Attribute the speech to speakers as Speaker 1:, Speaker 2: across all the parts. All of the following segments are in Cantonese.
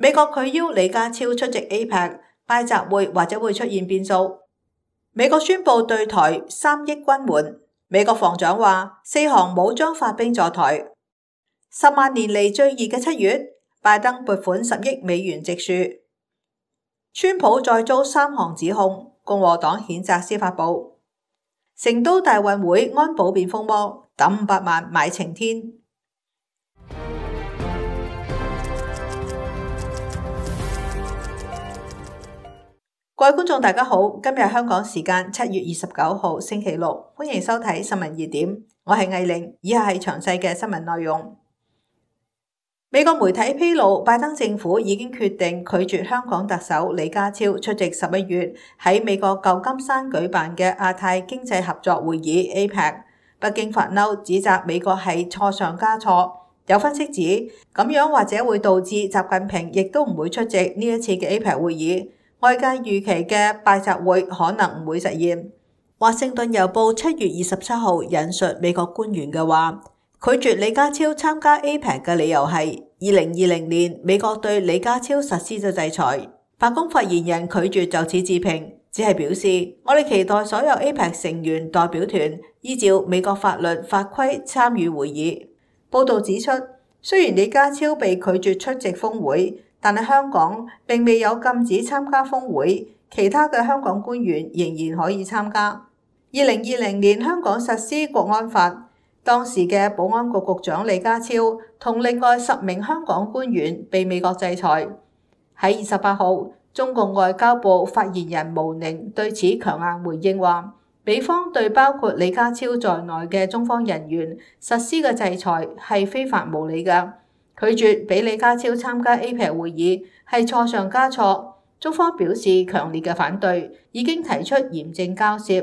Speaker 1: 美國拒邀李家超出席 APEC 拜習會，或者會出現變數。美國宣佈對台三億軍援，美國防長話四航母將發兵助台。十萬年嚟最熱嘅七月，拜登撥款十億美元植樹。川普再遭三項指控，共和黨譴責司法部。成都大運會安保變瘋魔，撒五百萬買晴天。各位觀眾大家好，今日香港時間七月二十九號星期六，歡迎收睇新聞熱點，我係藝玲，以下係詳細嘅新聞內容。美國媒體披露，拜登政府已經決定拒絕香港特首李家超出席十一月喺美國舊金山舉辦嘅亞太經濟合作會議 APEC。北京發嬲，指責美國係錯上加錯。有分析指，咁樣或者會導致習近平亦都唔會出席呢一次嘅 APEC 會議。外界預期嘅拜習會可能唔會實現。華盛頓郵報七月二十七號引述美國官員嘅話，拒絕李家超參加 APEC 嘅理由係二零二零年美國對李家超實施咗制裁。白宮發言人拒絕就此置評，只係表示我哋期待所有 APEC 成員代表團依照美國法律法規參與會議。報導指出，雖然李家超被拒絕出席峰會，但係香港並未有禁止參加峰會，其他嘅香港官員仍然可以參加。二零二零年香港實施國安法，當時嘅保安局局長李家超同另外十名香港官員被美國制裁。喺二十八號，中共外交部發言人毛寧對此強硬回應話：美方對包括李家超在內嘅中方人員實施嘅制裁係非法無理嘅。拒絕俾李家超參加 APEC 會議係錯上加錯，中方表示強烈嘅反對，已經提出嚴正交涉。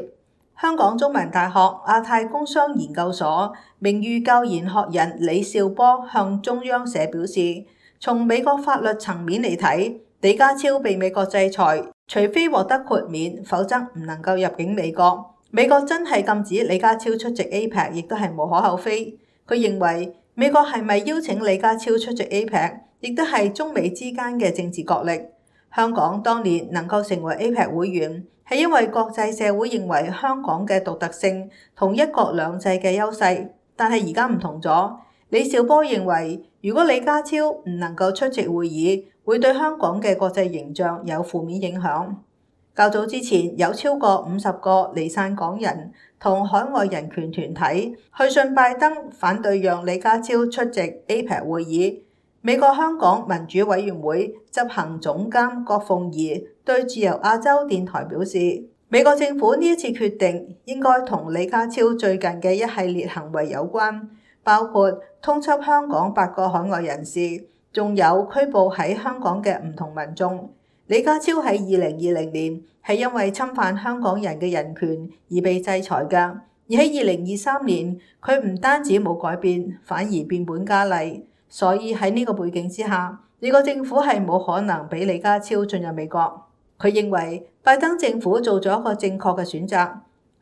Speaker 1: 香港中文大學亞太工商研究所名譽教研學人李兆波向中央社表示，從美國法律層面嚟睇，李家超被美國制裁，除非獲得豁免，否則唔能夠入境美國。美國真係禁止李家超出席 APEC，亦都係無可厚非。佢認為：美國係咪邀請李家超出席 APEC？亦都係中美之間嘅政治角力。香港當年能夠成為 APEC 會員，係因為國際社會認為香港嘅獨特性同一國兩制嘅優勢。但係而家唔同咗。李兆波認為，如果李家超唔能夠出席會議，會對香港嘅國際形象有負面影響。較早之前，有超過五十個離散港人同海外人權團體去信拜登，反對讓李家超出席 APEC 會議。美國香港民主委員會執行總監郭鳳儀對自由亞洲電台表示：美國政府呢次決定應該同李家超最近嘅一系列行為有關，包括通緝香港八個海外人士，仲有拘捕喺香港嘅唔同民眾。李家超喺二零二零年係因為侵犯香港人嘅人權而被制裁噶，而喺二零二三年佢唔單止冇改變，反而變本加厲，所以喺呢個背景之下，呢個政府係冇可能俾李家超進入美國。佢認為拜登政府做咗一個正確嘅選擇，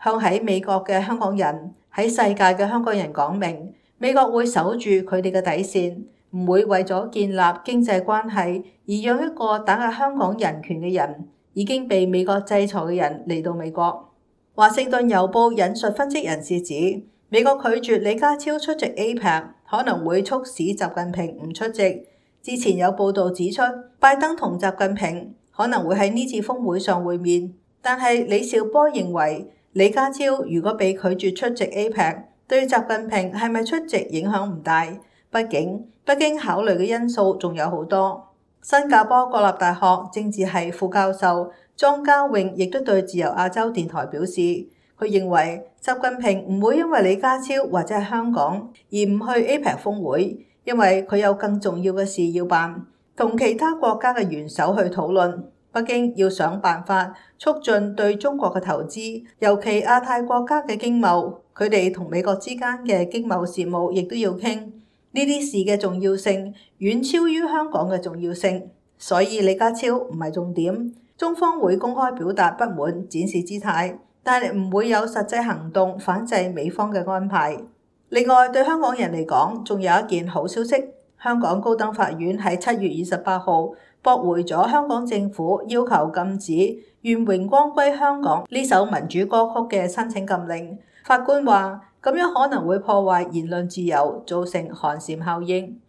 Speaker 1: 向喺美國嘅香港人、喺世界嘅香港人講明，美國會守住佢哋嘅底線。唔會為咗建立經濟關係而讓一個打壓香港人權嘅人，已經被美國制裁嘅人嚟到美國。華盛頓郵報引述分析人士指，美國拒絕李家超出席 APEC，可能會促使習近平唔出席。之前有報道指出，拜登同習近平可能會喺呢次峰會上會面，但係李兆波認為，李家超如果被拒絕出席 APEC，對習近平係咪出席影響唔大，畢竟，北京考慮嘅因素仲有好多。新加坡國立大學政治系副教授莊家穎亦都對自由亞洲電台表示，佢認為習近平唔會因為李家超或者係香港而唔去 APEC 峰會，因為佢有更重要嘅事要辦，同其他國家嘅元首去討論。北京要想辦法促進對中國嘅投資，尤其亞太國家嘅經貿，佢哋同美國之間嘅經貿事務亦都要傾。呢啲事嘅重要性遠超於香港嘅重要性，所以李家超唔係重點。中方會公開表達不滿，展示姿態，但係唔會有實際行動反制美方嘅安排。另外，對香港人嚟講，仲有一件好消息：香港高等法院喺七月二十八號駁回咗香港政府要求禁止願榮光歸香港呢首民主歌曲嘅申請禁令。法官話，咁樣可能會破壞言論自由，造成寒蟬效應。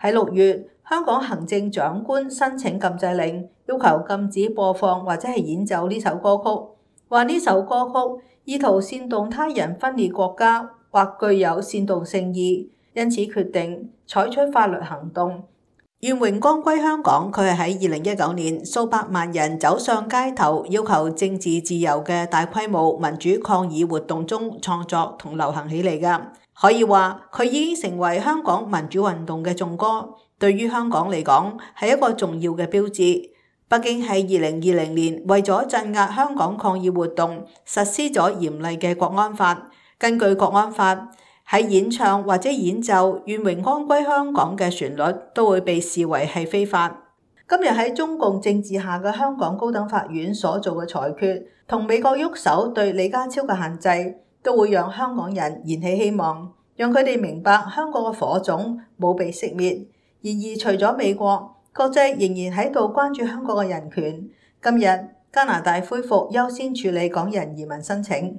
Speaker 1: 喺六月，香港行政長官申請禁制令，要求禁止播放或者係演奏呢首歌曲，話呢首歌曲意圖煽動他人分裂國家，或具有煽動性意，因此決定採取法律行動。願榮光歸香港，佢係喺二零一九年數百萬人走上街頭要求政治自由嘅大規模民主抗議活動中創作同流行起嚟㗎，可以話佢已經成為香港民主運動嘅頌歌。對於香港嚟講，係一個重要嘅標誌。畢竟喺二零二零年為咗鎮壓香港抗議活動，實施咗嚴厲嘅國安法。根據國安法，喺演唱或者演奏願榮光歸香港嘅旋律，都會被視為係非法。今日喺中共政治下嘅香港高等法院所做嘅裁決，同美國喐手對李家超嘅限制，都會讓香港人燃起希望，讓佢哋明白香港嘅火種冇被熄滅。然而，而，除咗美國，國際仍然喺度關注香港嘅人權。今日加拿大恢復優先處理港人移民申請。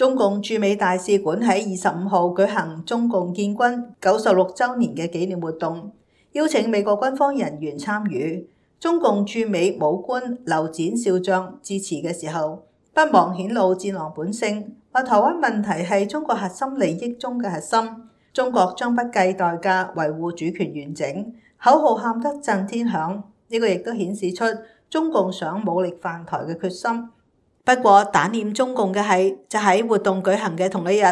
Speaker 1: 中共駐美大使館喺二十五號舉行中共建軍九十六週年嘅紀念活動，邀請美國軍方人員參與。中共駐美武官劉展少將致辭嘅時候，不忘顯露戰狼本性，話台灣問題係中國核心利益中嘅核心，中國將不計代價維護主權完整，口號喊得震天響。呢個亦都顯示出中共想武力犯台嘅決心。不過打臉中共嘅係，就喺、是、活動舉行嘅同一日，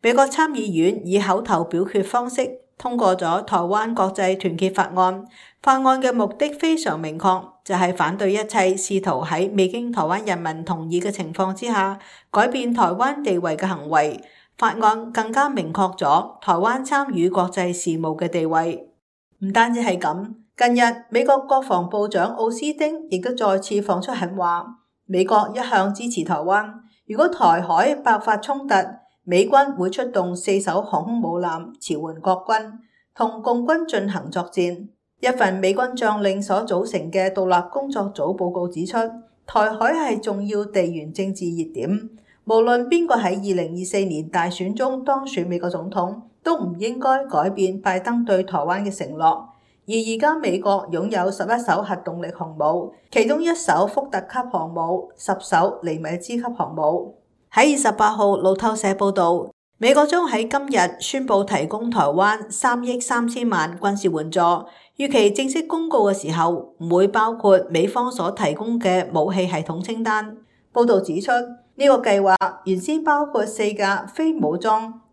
Speaker 1: 美國參議院以口頭表決方式通過咗台灣國際團結法案。法案嘅目的非常明確，就係、是、反對一切試圖喺未經台灣人民同意嘅情況之下改變台灣地位嘅行為。法案更加明確咗台灣參與國際事務嘅地位。唔單止係咁，近日美國國防部長奧斯丁亦都再次放出狠話。美國一向支持台灣，如果台海爆發衝突，美軍會出動四艘航空母艦馳援國軍同共軍進行作戰。一份美軍將領所組成嘅獨立工作組報告指出，台海係重要地緣政治熱點，無論邊個喺二零二四年大選中當選美國總統，都唔應該改變拜登對台灣嘅承諾。而而家美國擁有十一艘核動力航母，其中一艘福特級航母、十艘尼米茲級航母。喺二十八號路透社報導，美國將喺今日宣布提供台灣三億三千萬軍事援助，預期正式公告嘅時候唔會包括美方所提供嘅武器系統清單。報導指出，呢個計劃原先包括四架非武裝。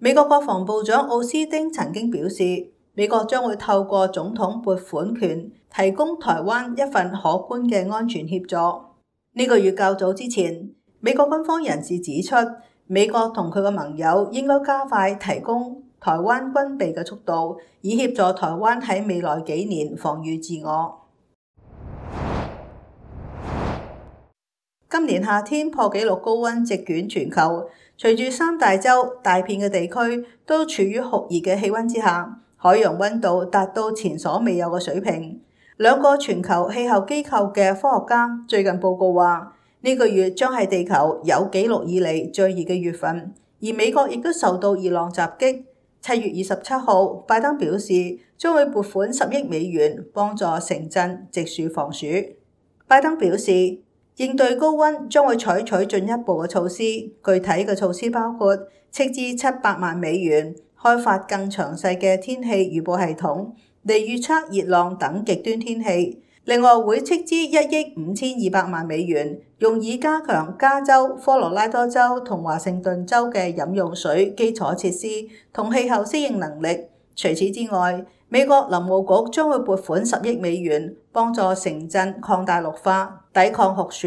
Speaker 1: 美國國防部長奧斯丁曾經表示，美國將會透過總統撥款權提供台灣一份可觀嘅安全協助。呢個月較早之前，美國軍方人士指出，美國同佢嘅盟友應該加快提供台灣軍備嘅速度，以協助台灣喺未來幾年防禦自我。今年夏天破紀錄高溫席捲全球。隨住三大洲大片嘅地區都處於酷熱嘅氣溫之下，海洋溫度達到前所未有嘅水平。兩個全球氣候機構嘅科學家最近報告話，呢個月將係地球有紀錄以嚟最熱嘅月份。而美國亦都受到熱浪襲擊。七月二十七號，拜登表示將會撥款十億美元幫助城鎮植樹防暑。拜登表示。應對高温將會採取進一步嘅措施，具體嘅措施包括斥資七百萬美元開發更詳細嘅天氣預報系統，嚟預測熱浪等極端天氣。另外，會斥資一億五千二百萬美元，用以加強加州、科羅拉多州同華盛頓州嘅飲用水基礎設施同氣候適應能力。除此之外，美國林務局將會撥款十億美元幫助城鎮擴大綠化，抵抗酷暑。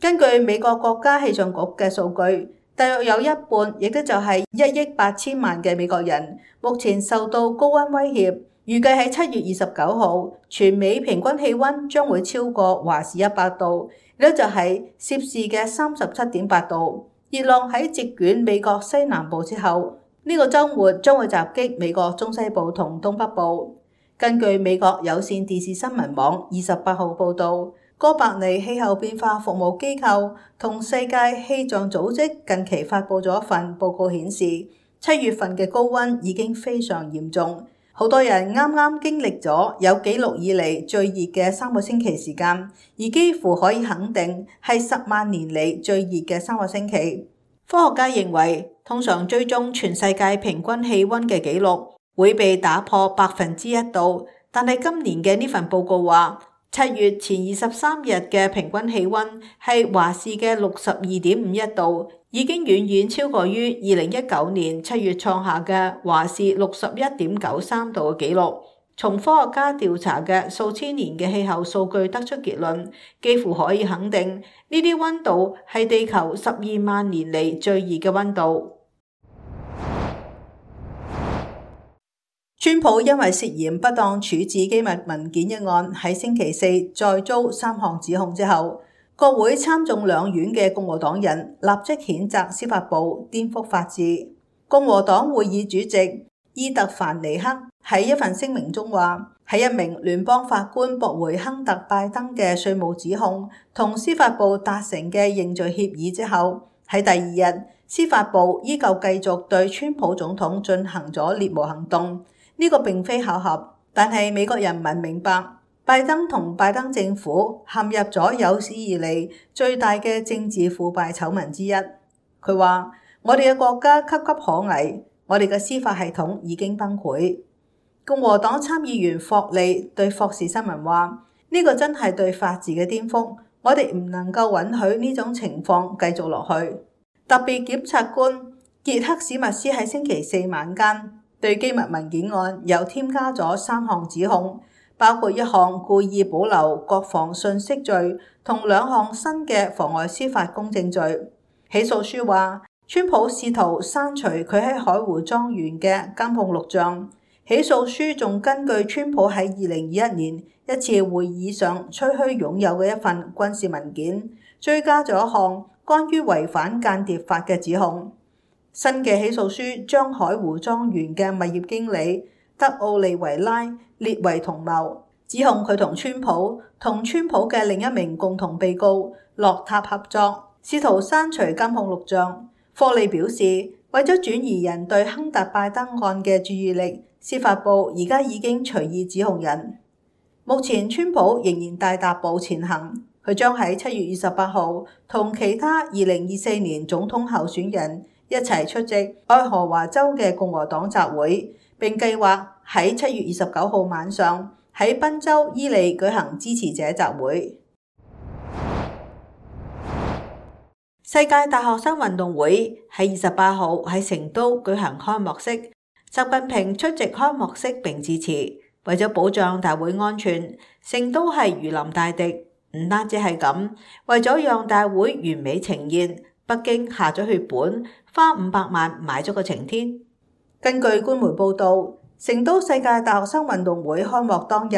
Speaker 1: 根據美國國家氣象局嘅數據，大約有一半，亦都就係一億八千萬嘅美國人，目前受到高溫威脅。預計喺七月二十九號，全美平均氣溫將會超過華氏一百度，呢就係攝氏嘅三十七點八度。熱浪喺席捲美國西南部之後，呢個周末將會襲擊美國中西部同東北部。根據美國有線電視新聞網二十八號報導，哥白尼氣候變化服務機構同世界氣象組織近期發布咗一份報告，顯示七月份嘅高溫已經非常嚴重，好多人啱啱經歷咗有紀錄以嚟最熱嘅三個星期時間，而幾乎可以肯定係十萬年嚟最熱嘅三個星期。科學家認為。通常追蹤全世界平均氣温嘅記錄會被打破百分之一度，但係今年嘅呢份報告話，七月前二十三日嘅平均氣温係華氏嘅六十二點五一度，已經遠遠超過於二零一九年七月創下嘅華氏六十一點九三度嘅記錄。從科學家調查嘅數千年嘅氣候數據得出結論，幾乎可以肯定，呢啲温度係地球十二萬年嚟最熱嘅温度。川普因為涉嫌不當處置機密文件一案，喺星期四再遭三項指控之後，國會參眾兩院嘅共和黨人立即譴責司法部顛覆法治。共和黨會議主席伊特凡尼克喺一份聲明中話：喺一名聯邦法官駁回亨特拜登嘅稅務指控同司法部達成嘅認罪協議之後，喺第二日，司法部依舊繼續對川普總統進行咗獵巫行動。呢個並非巧合，但係美國人民明白拜登同拜登政府陷入咗有史以嚟最大嘅政治腐敗醜聞之一。佢話：我哋嘅國家岌岌可危，我哋嘅司法系統已經崩潰。共和黨參議員霍利對霍士新聞話：呢、這個真係對法治嘅顛覆，我哋唔能夠允許呢種情況繼續落去。特別檢察官傑克史密斯喺星期四晚間。對機密文件案又添加咗三項指控，包括一項故意保留國防信息罪，同兩項新嘅妨礙司法公正罪。起訴書話，川普試圖刪除佢喺海湖莊園嘅監控錄像。起訴書仲根據川普喺二零二一年一次會議上吹噓擁有嘅一份軍事文件，追加咗一項關於違反間諜法嘅指控。新嘅起訴書將海湖莊園嘅物業經理德奧利維拉列為同謀，指控佢同川普同川普嘅另一名共同被告洛塔合作，試圖刪除監控錄像。霍利表示，為咗轉移人對亨特拜登案嘅注意力，司法部而家已經隨意指控人。目前川普仍然大踏步前行，佢將喺七月二十八號同其他二零二四年總統候選人，一齊出席愛荷華州嘅共和黨集會，並計劃喺七月二十九號晚上喺賓州伊利舉行支持者集會。世界大學生運動會喺二十八號喺成都舉行開幕式，習近平出席開幕式並致辭。為咗保障大會安全，成都係如臨大敵，唔單止係咁，為咗讓大會完美呈現。北京下咗血本，花五百萬買咗個晴天。根據官媒報道，成都世界大學生運動會開幕當日，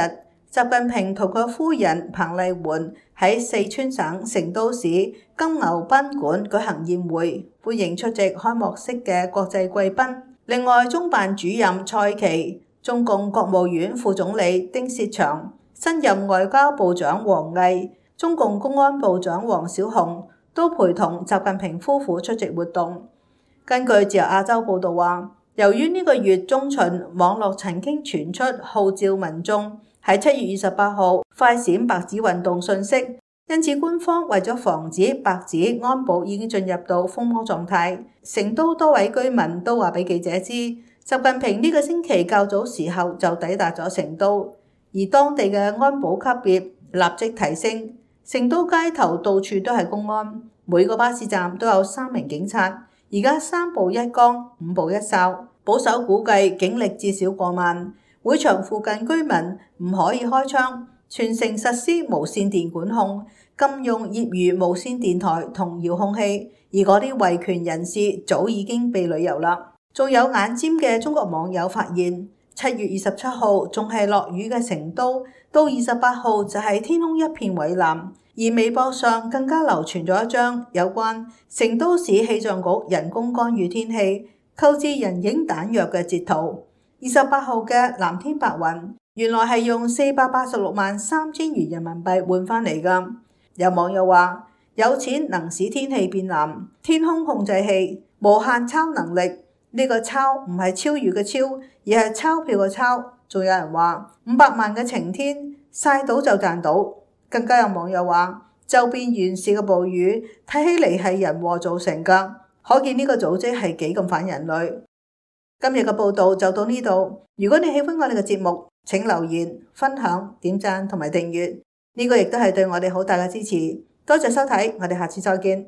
Speaker 1: 習近平同佢夫人彭麗媛喺四川省成都市金牛賓館舉行宴會，歡迎出席開幕式嘅國際貴賓。另外，中辦主任蔡奇、中共國務院副總理丁薛祥、新任外交部長王毅、中共公安部長王小洪。都陪同習近平夫婦出席活動。根據自由亞洲報道話，由於呢個月中旬網絡曾經傳出號召民眾喺七月二十八號快閃白紙運動訊息，因此官方為咗防止白紙，安保已經進入到瘋魔狀態。成都多位居民都話俾記者知，習近平呢個星期較早時候就抵達咗成都，而當地嘅安保級別立即提升。成都街頭到處都係公安，每個巴士站都有三名警察。而家三步一崗，五步一哨，保守估計警力至少過萬。會場附近居民唔可以開窗，全城實施無線電管控，禁用業餘無線電台同遙控器。而嗰啲維權人士早已經被旅遊啦。仲有眼尖嘅中國網友發現，七月二十七號仲係落雨嘅成都。到二十八號就係天空一片蔚藍，而微博上更加流傳咗一張有關成都市氣象局人工干預天氣購置人影彈藥嘅截圖。二十八號嘅藍天白雲，原來係用四百八十六萬三千元人民幣換返嚟㗎。有網友話：有錢能使天氣變藍，天空控制器無限鈔能力，呢、這個鈔唔係超越嘅超，而係鈔票嘅鈔。仲有人話五百萬嘅晴天曬到就賺到，更加有網友話周邊全市嘅暴雨睇起嚟係人禍造成噶，可見呢個組織係幾咁反人類。今日嘅報道就到呢度，如果你喜歡我哋嘅節目，請留言、分享、點讚同埋訂閱，呢個亦都係對我哋好大嘅支持。多謝收睇，我哋下次再見。